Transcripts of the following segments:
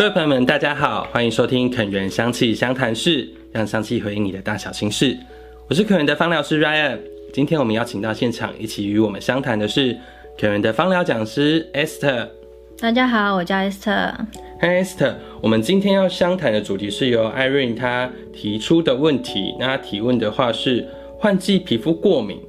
各位朋友們，大家好，歡迎收聽《肯園香氣相談室》，讓香氣回應你的大小心事。我是肯園的芳療師 Ryan，今天我們邀請到現場一起與我們相談的是肯園的芳療講師 Esther。大家好，我叫 Esther。嗨，Esther。我們今天要相談的主題是由 Irene 她提出的問題。那她提問的話是：換季皮膚過敏，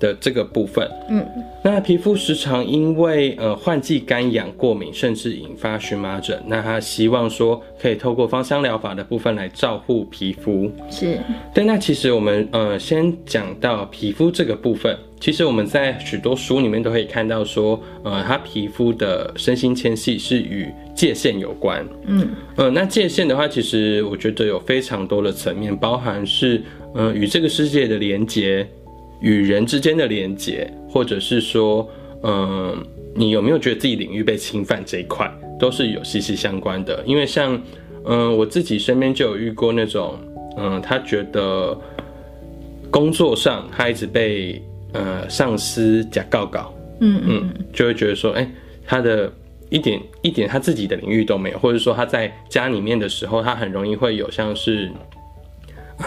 的這個部分，嗯，那皮膚時常因為呃換季乾癢、過敏，甚至引發蕁麻疹。那他希望說可以透過芳香療法的部分來照護皮膚。是，對。那其實我們呃先講到皮膚這個部分，其實我們在許多書裡面都可以看到說，呃，他皮膚的身心牽繫是與界限有關。嗯，呃，那界限的話，其實我覺得有非常多的層面，包含是呃與這個世界的連結。與人之間的連接，或者是說，嗯、呃，你有沒有覺得自己領域被侵犯這一塊，都是有息息相關的。因為像，嗯、呃，我自己身邊就有遇過那種，嗯、呃，他覺得工作上他一直被，呃，上司假告告，嗯嗯，嗯，就會覺得說，哎、欸，他的一點一點他自己的領域都沒有，或者說他在家裡面的時候，他很容易會有像是，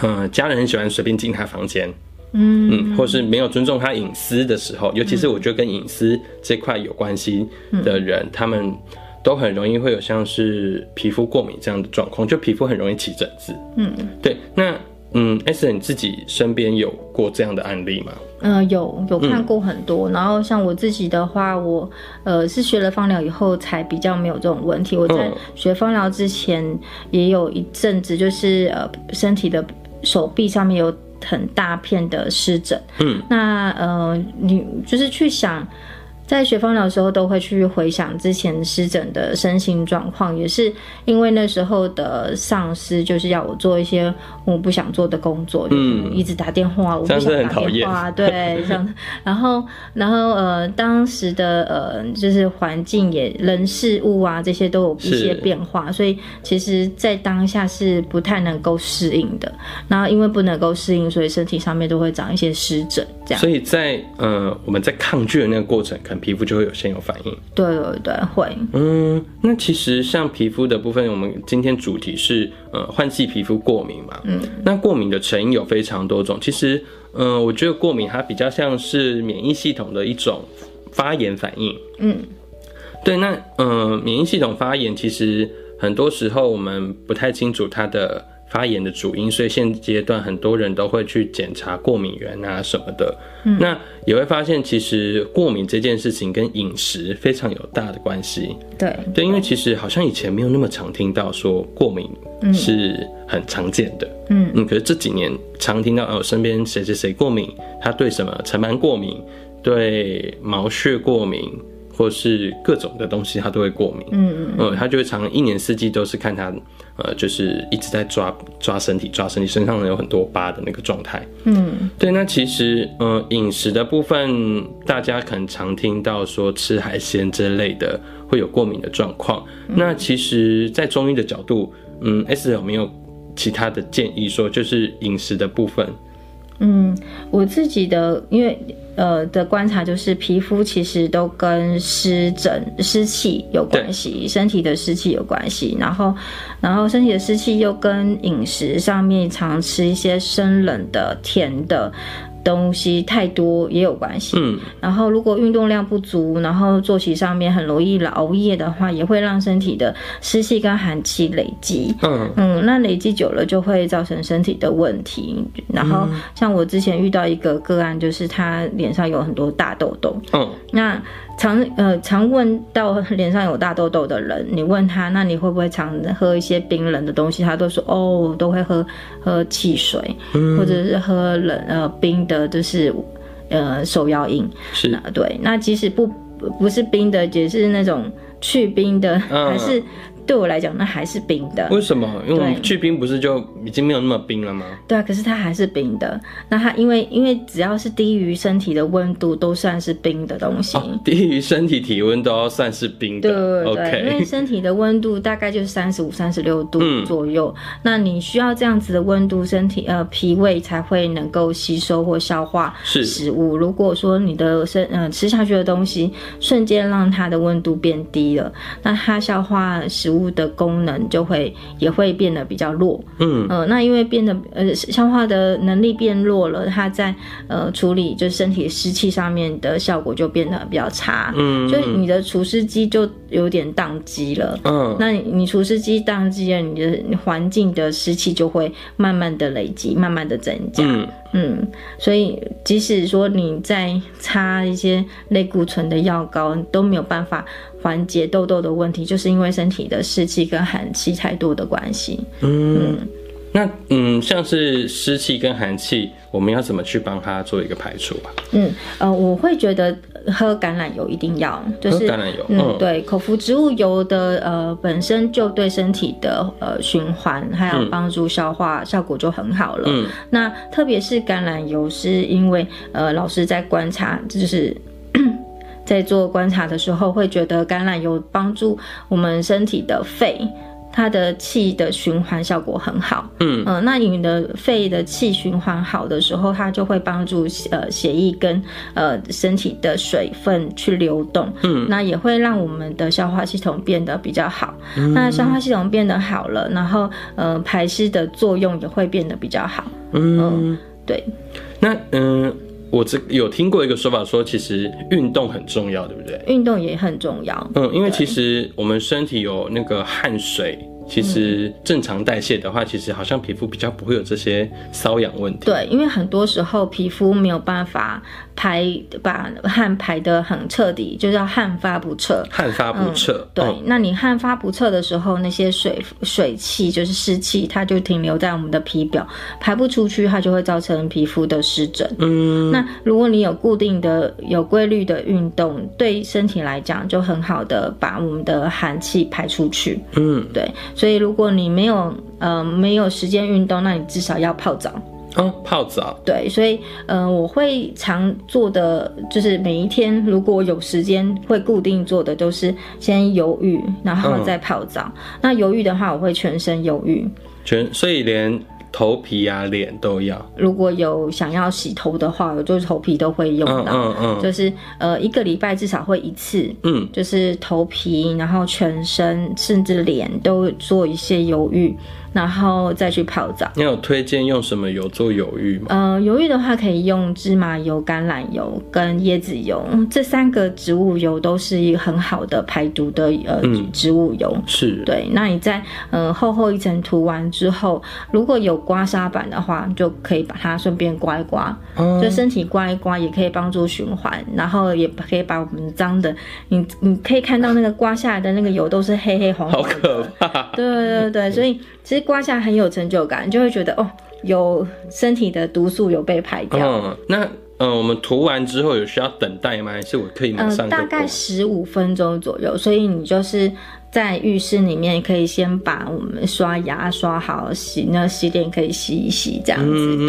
嗯、呃，家人很喜歡隨便進他房間。嗯嗯，或是沒有尊重他隱私的時候，嗯、尤其是我覺得跟隱私這塊有關係的人，嗯嗯、他們都很容易會有像是皮膚過敏這樣的狀況，就皮膚很容易起疹子、嗯。嗯，對。那嗯，Esther 你自己身邊有過這樣的案例嗎？嗯、呃，有有看過很多。嗯、然後像我自己的話，我呃是學了芳療以後才比較沒有這種問題。我在學芳療之前也有一陣子，就是、嗯、呃身體的手臂上面有。很大片的濕疹，嗯，那呃，你就是去想。在學芳療的時候都會去回想之前濕疹的身心狀況，也是因為那時候的上司就是要我做一些我不想做的工作，嗯、就是一直打電話，嗯、我不想打電話，對，這樣。然後，然後，呃，當時的呃，就是環境也人事物啊，這些都有一些變化，是所以其實在當下是不太能夠適應的。然後因為不能夠適應，所以身體上面都會長一些濕疹，這樣。所以在呃，我們在抗拒的那個過程。皮膚就會有先有反應，對對對，會。嗯，那其實像皮膚的部分，我們今天主題是呃換季皮膚過敏嘛。嗯，那過敏的成因有非常多種。其實，嗯、呃，我覺得過敏它比較像是免疫系統的一種發炎反應。嗯，對，那嗯、呃，免疫系統發炎其實很多時候我們不太清楚它的。發炎的主因，所以現階段很多人都會去檢查過敏源啊什麼的。嗯，那也會發現，其實過敏這件事情跟飲食非常有大的關係。對，對，對，因為其實好像以前沒有那麼常聽到說過敏是很常見的。嗯嗯，可是這幾年常聽到哦，啊、我身邊誰誰誰過敏，他對什麼塵蟎過敏，對毛屑過敏。或是各種的東西，他都會過敏。嗯嗯，他就會常一年四季都是看他，呃，就是一直在抓抓身體，抓身體，身上有很多疤的那個狀態。嗯，對。那其實，呃，飲食的部分，大家可能常聽到說吃海鮮之類的會有過敏的狀況。嗯，那其實，在中醫的角度，嗯，S 有沒有其他的建議說，就是飲食的部分？嗯，我自己的因為呃的觀察就是皮膚其實都跟濕疹、濕氣有關係，對身體的濕氣有關係，然後然後身體的濕氣又跟飲食上面常吃一些生冷的、甜的。東西太多也有關係，嗯，然後如果運動量不足，然後作息上面很容易熬夜的話，也會讓身體的濕氣跟寒氣累積，嗯嗯，那累積久了就會造成身體的問題。然後像我之前遇到一個個案，就是他臉上有很多大痘痘，哦、嗯。那常呃常問到臉上有大痘痘的人，你問他那你會不會常喝一些冰冷的東西？他都說哦，都會喝喝汽水，或者是喝冷呃冰的。呃，就是，呃，手搖飲是那對，那即使不不是冰的，也是那種去冰的，嗯、還是。對我來講，那還是冰的。為什麼？因為去冰不是就已經沒有那麼冰了嗎？對啊，可是它還是冰的。那它因為因為只要是低於身體的溫度，都算是冰的東西。哦、低於身體體溫都要算是冰的。對對對，Okay 因為身體的溫度大概就是三十五、三十六度左右。嗯、那你需要這樣子的溫度，身體呃脾胃才會能夠吸收或消化食物。是如果說你的身嗯、呃、吃下去的東西瞬間讓它的溫度變低了，那它消化食。食物的功能就會也會變得比較弱，嗯，呃，那因為變得呃消化的能力變弱了，它在呃處理就身體濕氣上面的效果就變得比較差，嗯，嗯，所以你的除濕機就有點宕機了，嗯，那你除濕機宕機了，你的環境的濕氣就會慢慢的累積，慢慢的增加。嗯嗯，所以即使說你在擦一些類固醇的藥膏，都沒有辦法緩解痘痘的問題，就是因為身體的濕氣跟寒氣太多的關係。嗯。嗯那嗯，像是濕氣跟寒氣，我們要怎麼去幫他做一個排除啊？嗯呃，我會覺得喝橄欖油一定要，就是橄欖油，嗯，嗯對，口服植物油的呃本身就對身體的呃循環還有幫助消化效果就很好了。嗯，那特別是橄欖油，是因為呃老師在觀察，就是 在做觀察的時候會覺得橄欖油幫助我們身體的肺。它的氣的循環效果很好，嗯嗯、呃，那你的肺的氣循環好的時候，它就會幫助呃血液跟呃身體的水分去流動，嗯，那也會讓我們的消化系統變得比較好，嗯、那消化系統變得好了，然後呃排濕的作用也會變得比較好，嗯、呃，對，那嗯。我這有聽過一個說法，說其實運動很重要，對不對？運動也很重要。嗯，因為其實我們身體有那個汗水。其實正常代謝的話，嗯、其實好像皮膚比較不會有這些瘙癢問題。對，因為很多時候皮膚沒有辦法排把汗排得很徹底，就是汗發不徹。汗發不徹、嗯。對，嗯、那你汗發不徹的時候，那些水水氣就是濕氣，它就停留在我們的皮表，排不出去，它就會造成皮膚的濕疹。嗯，那如果你有固定的、有規律的運動，對身體來講就很好的把我們的寒氣排出去。嗯，對。所以，如果你沒有呃沒有時間運動，那你至少要泡澡。嗯、哦，泡澡。對，所以，嗯、呃，我會常做的就是每一天，如果有時間，會固定做的都、就是先油浴，然後再泡澡。嗯、那油浴的話，我會全身油浴。全，所以連。頭皮呀、啊，臉都要。如果有想要洗頭的話，我就是頭皮都會用到。嗯嗯嗯、就是呃，一個禮拜至少會一次。嗯，就是頭皮，然後全身甚至臉都做一些油浴。然後再去泡澡。你有推薦用什麼油做油浴嗎？呃，油浴的話可以用芝麻油、橄欖油跟椰子油。嗯，這三個植物油都是一個很好的排毒的呃植物油。嗯，是。對，那你在呃厚厚一層塗完之後，如果有刮痧板的話，就可以把它順便刮一刮。嗯，就身體刮一刮，也可以幫助循環，然後也可以把我們髒的，你你可以看到那個刮下來的那個油都是黑黑紅紅的。好可怕。對對對對，所以其實。刮下來很有成就感，就會覺得哦，有身體的毒素有被排掉。嗯、哦，那呃、嗯，我們塗完之後有需要等待嗎？還是我可以馬上？嗯、呃，大概十五分鐘左右，所以你就是。在浴室裡面可以先把我們刷牙刷好洗，洗那洗臉可以洗一洗這樣子，嗯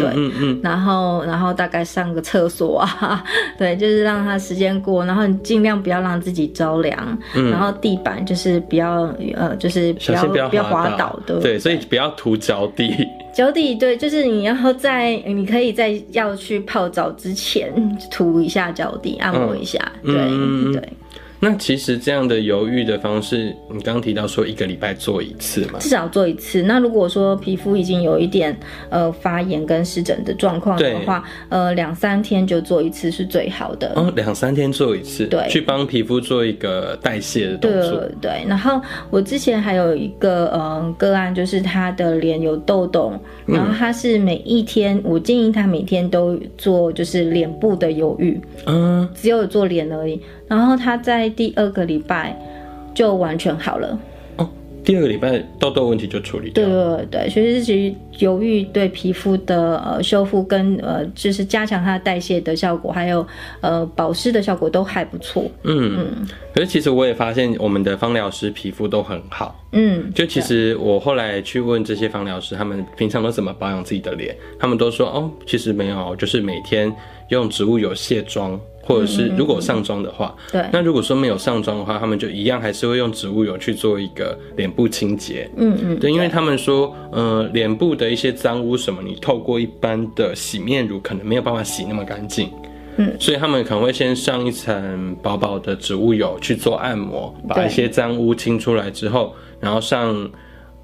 嗯嗯、對。然後然後大概上個廁所啊， 對，就是讓它時間過。然後你儘量不要讓自己着涼。嗯、然後地板就是不要呃，就是不要不要滑倒，要滑倒對。對，所以不要塗腳底。腳底對，就是你要在你可以在要去泡澡之前塗一下腳底，按摩一下，對、嗯、對。嗯對那其實這樣的油浴的方式，你剛剛提到說一個禮拜做一次嘛？至少做一次。那如果說皮膚已經有一點呃發炎跟濕疹的狀況的話，對呃兩三天就做一次是最好的。嗯、哦、兩三天做一次，對，去幫皮膚做一個代謝的動作。對。對對對。然後我之前還有一個嗯個案，就是他的臉有痘痘，然後他是每一天，嗯、我建議他每天都做，就是臉部的油浴，嗯，只有做臉而已。然後他在第二個禮拜就完全好了哦。第二個禮拜痘痘問題就處理掉了。對對對，所以其實油浴對皮膚的呃修復跟呃就是加強它的代謝的效果，還有呃保濕的效果都還不錯。嗯，嗯可是其實我也發現我們的芳療師皮膚都很好。嗯。就其實我後來去問這些芳療師，他們平常都怎麼保養自己的臉，他們都說哦，其實沒有，就是每天用植物油卸妝。或者是如果上妝的話，嗯嗯嗯對，那如果說沒有上妝的話，他們就一樣還是會用植物油去做一個臉部清潔。嗯嗯，對，對因為他們說，呃，臉部的一些髒污什麼，你透過一般的洗面乳可能沒有辦法洗那麼乾淨。嗯，所以他們可能會先上一層薄薄的植物油去做按摩，把一些髒污清出來之後，對然後上，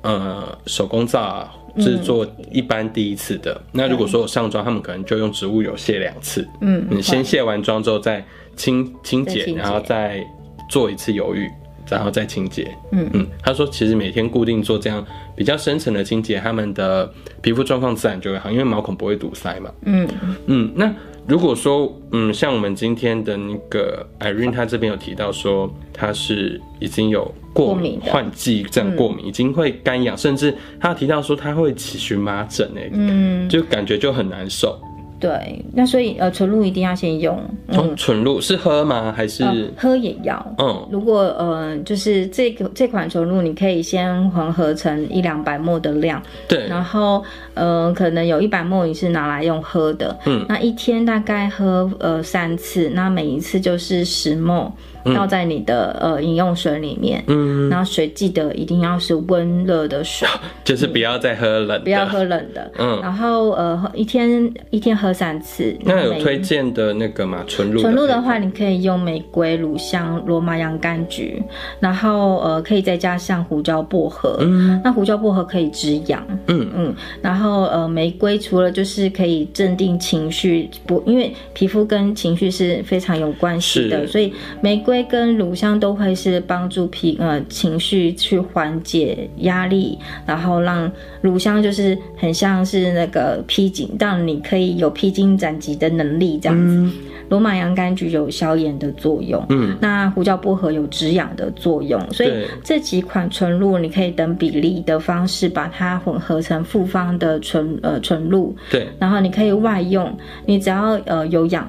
呃，手工皂啊。是做一般第一次的。嗯、那如果說我上妝，嗯、他們可能就用植物油卸兩次。嗯，你先卸完妝之後再清清潔，清潔然後再做一次油浴，嗯、然後再清潔。嗯嗯，他說其實每天固定做這樣比較深層的清潔，他們的皮膚狀況自然就會好，因為毛孔不會堵塞嘛。嗯嗯，那。如果說，嗯，像我們今天的那個 Irene，她這邊有提到說，她是已經有過敏、換季這樣過敏，過敏嗯、已經會乾癢，甚至她提到說，她會起蕁麻疹誒，嗯，就感覺就很難受。對，那所以呃，純露一定要先用。嗯、哦、純露是喝嗎？還是、呃、喝也要？嗯，如果呃，就是這個這款純露，你可以先混合成一兩百 ml 的量。對，然後嗯、呃，可能有一百 ml 你是拿來用喝的。嗯，那一天大概喝呃三次，那每一次就是十 ml。倒在你的、嗯、呃飲用水裡面，嗯，然後水記得一定要是溫熱的水，就是不要再喝冷的，不要喝冷的，嗯，然後呃一天一天喝三次。那有推薦的那個嗎？純露，純露的話，你可以用玫瑰、乳香、羅馬洋甘菊，然後呃可以再加上胡椒薄荷，嗯，那胡椒薄荷可以止癢，嗯嗯，然後呃玫瑰除了就是可以鎮定情緒，不，因為皮膚跟情緒是非常有關係的，是所以玫瑰。因為跟乳香都會是幫助皮呃情緒去緩解壓力，然後讓乳香就是很像是那個披荊，但你可以有披荊斬棘的能力這樣子。嗯、羅馬洋甘菊有消炎的作用，嗯，那胡椒薄荷有止癢的作用，嗯、所以這幾款純露你可以等比例的方式把它混合成複方的純呃純露，對，然後你可以外用，你只要呃有癢。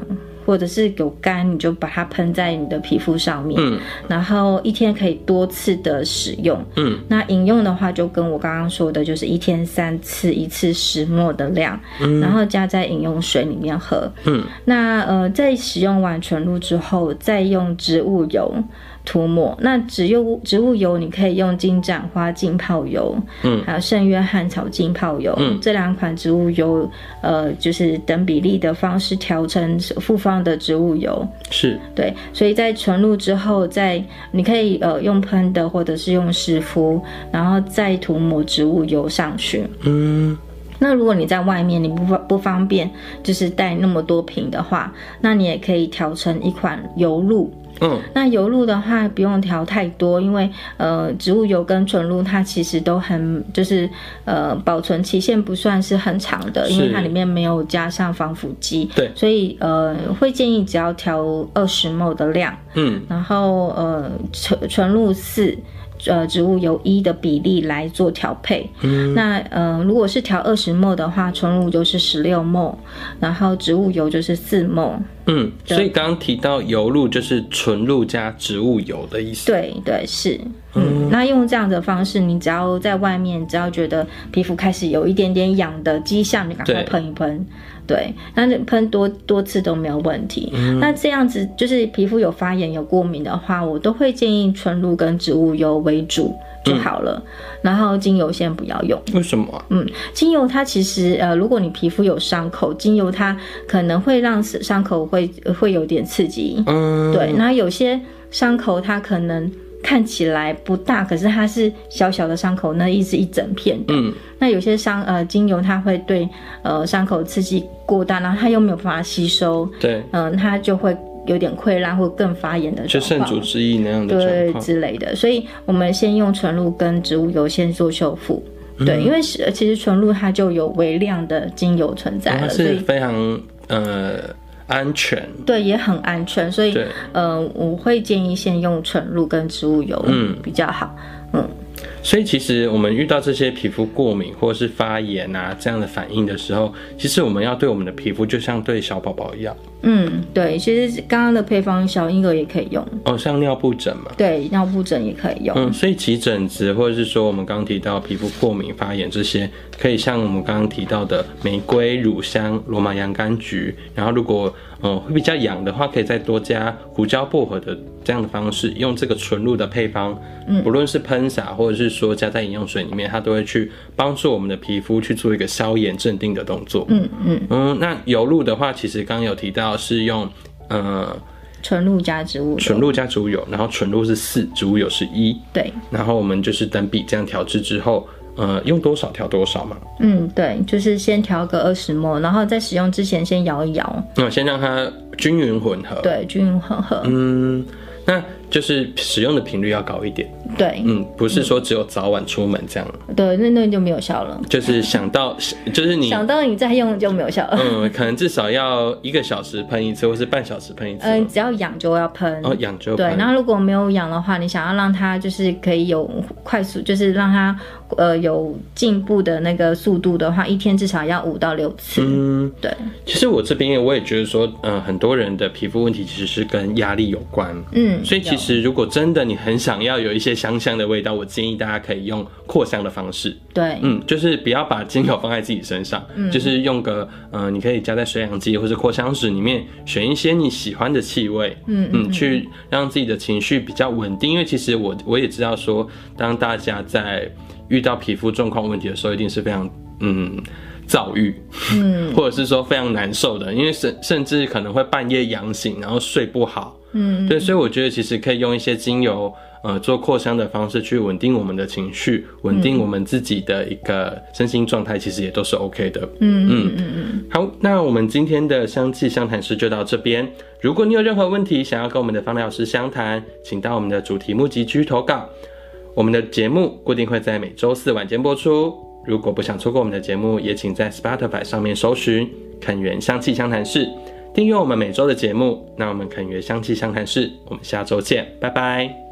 或者是有乾，你就把它噴在你的皮膚上面，嗯，然後一天可以多次的使用，嗯，那飲用的話，就跟我剛剛說的，就是一天三次，一次十 ml 的量，嗯，然後加在飲用水裡面喝，嗯，那呃，在使用完純露之後，再用植物油。塗抹那植物植物油，你可以用金盞花浸泡油，嗯，還有聖約翰草浸泡油，嗯，這兩款植物油，呃，就是等比例的方式調成複方的植物油，是，對，所以在純露之後再，再你可以呃用噴的，或者是用濕敷，然後再塗抹植物油上去，嗯。那如果你在外面你不方不方便，就是帶那麼多瓶的話，那你也可以調成一款油露。嗯，那油露的話不用調太多，因為呃植物油跟純露它其實都很就是呃保存期限不算是很長的，是因為它裡面沒有加上防腐劑。對。所以呃會建議只要調二十毫升的量。嗯。然後呃純純露是。呃，植物油一的比例來做調配，嗯、那呃，如果是調二十 ml 的話，純露就是十六 ml，然後植物油就是四 ml。嗯，所以剛剛提到油露就是純露加植物油的意思。對對是，嗯，那用這樣的方式，你只要在外面，只要覺得皮膚開始有一點點癢的跡象，你就趕快噴一噴。對，對，那就噴多多次都沒有問題。嗯。那這樣子就是皮膚有發炎有過敏的話，我都會建議純露跟植物油為主。就好了，嗯，然後精油先不要用。為什麼？嗯，精油它其實呃，如果你皮膚有傷口，精油它可能會讓傷口會會有點刺激。嗯。對，那有些傷口它可能看起來不大，可是它是小小的傷口，那一直一整片的。嗯。那有些傷呃，精油它會對呃傷口刺激過大，然後它又沒有辦法吸收。對。嗯，呃，它就會。有點潰爛或更發炎的，就聖主之意那樣的。對，之類的。所以我們先用純露跟植物油先做修復。對，因為是其實純露它就有微量的精油存在，它是非常呃安全，對，也很安全，所以、呃、我會建議先用純露跟植物油嗯，比較好嗯。所以其實我們遇到這些皮膚過敏或是發炎啊，這樣的反應的時候，其實我們要對我們的皮膚就像對小寶寶一樣。嗯，對，其實剛剛的配方小嬰兒也可以用哦，像尿布疹嘛，對，尿布疹也可以用。嗯，所以起疹子或者是說我們剛剛提到皮膚過敏發炎這些，可以像我們剛剛提到的玫瑰乳香、羅馬洋甘菊，然後如果。嗯，會比較癢的話，可以再多加胡椒薄荷的這樣的方式，用這個純露的配方，嗯，不論是噴灑或者是說加在飲用水裡面，它都會去幫助我們的皮膚去做一個消炎鎮定的動作。嗯嗯嗯，那油露的話，其實剛剛有提到是用嗯呃、純露加植物純露加植物油，對，然後純露是四，植物油是一，對，然後我們就是等比這樣調製之後。呃，用多少調多少嘛。嗯，對，就是先調個 20ml，然後在使用之前先搖一搖。那、嗯、先讓它均勻混合。對，均勻混合。嗯，那就是使用的頻率要高一點。對，嗯，不是說只有早晚出門這樣。嗯、對，那那就沒有效了。就是想到，就是你 想到你再用就沒有效了。嗯，可能至少要一個小時噴一次，或是半小時噴一次。嗯、呃，只要癢就要噴。哦，癢就噴。對，那如果沒有癢的話，你想要讓它就是可以有快速，就是讓它。呃，有進步的那個速度的話，一天至少要五到六次。嗯，對。其實我這邊我也覺得說，嗯、呃，很多人的皮膚問題其實是跟壓力有關。嗯，所以其實如果真的你很想要有一些香香的味道，我建議大家可以用擴香的方式。對，嗯，就是不要把精油放在自己身上，嗯、就是用個，嗯、呃，你可以加在水氧機或者擴香紙裡面，選一些你喜歡的氣味，嗯嗯、嗯、嗯，去讓自己的情緒比較穩定。因為其實我我也知道說，當大家在遇到皮膚狀況問題的時候，一定是非常嗯躁鬱，嗯，嗯或者是說非常難受的，因為甚甚至可能會半夜癢醒，然後睡不好，嗯，對，所以我覺得其實可以用一些精油，呃，做擴香的方式去穩定我們的情緒，穩定我們自己的一個身心狀態，其實也都是 OK 的，嗯嗯嗯嗯。好，那我們今天的香氣相談室就到這邊。如果你有任何問題想要跟我們的芳療師老師相談，請到我們的主題募集區投稿。我們的節目固定會在每周四晚間播出。如果不想錯過我們的節目，也請在 Spotify 上面搜尋“肯園香氣相談室”，訂閱我們每周的節目。那我們肯園香氣相談室，我們下周見，拜拜。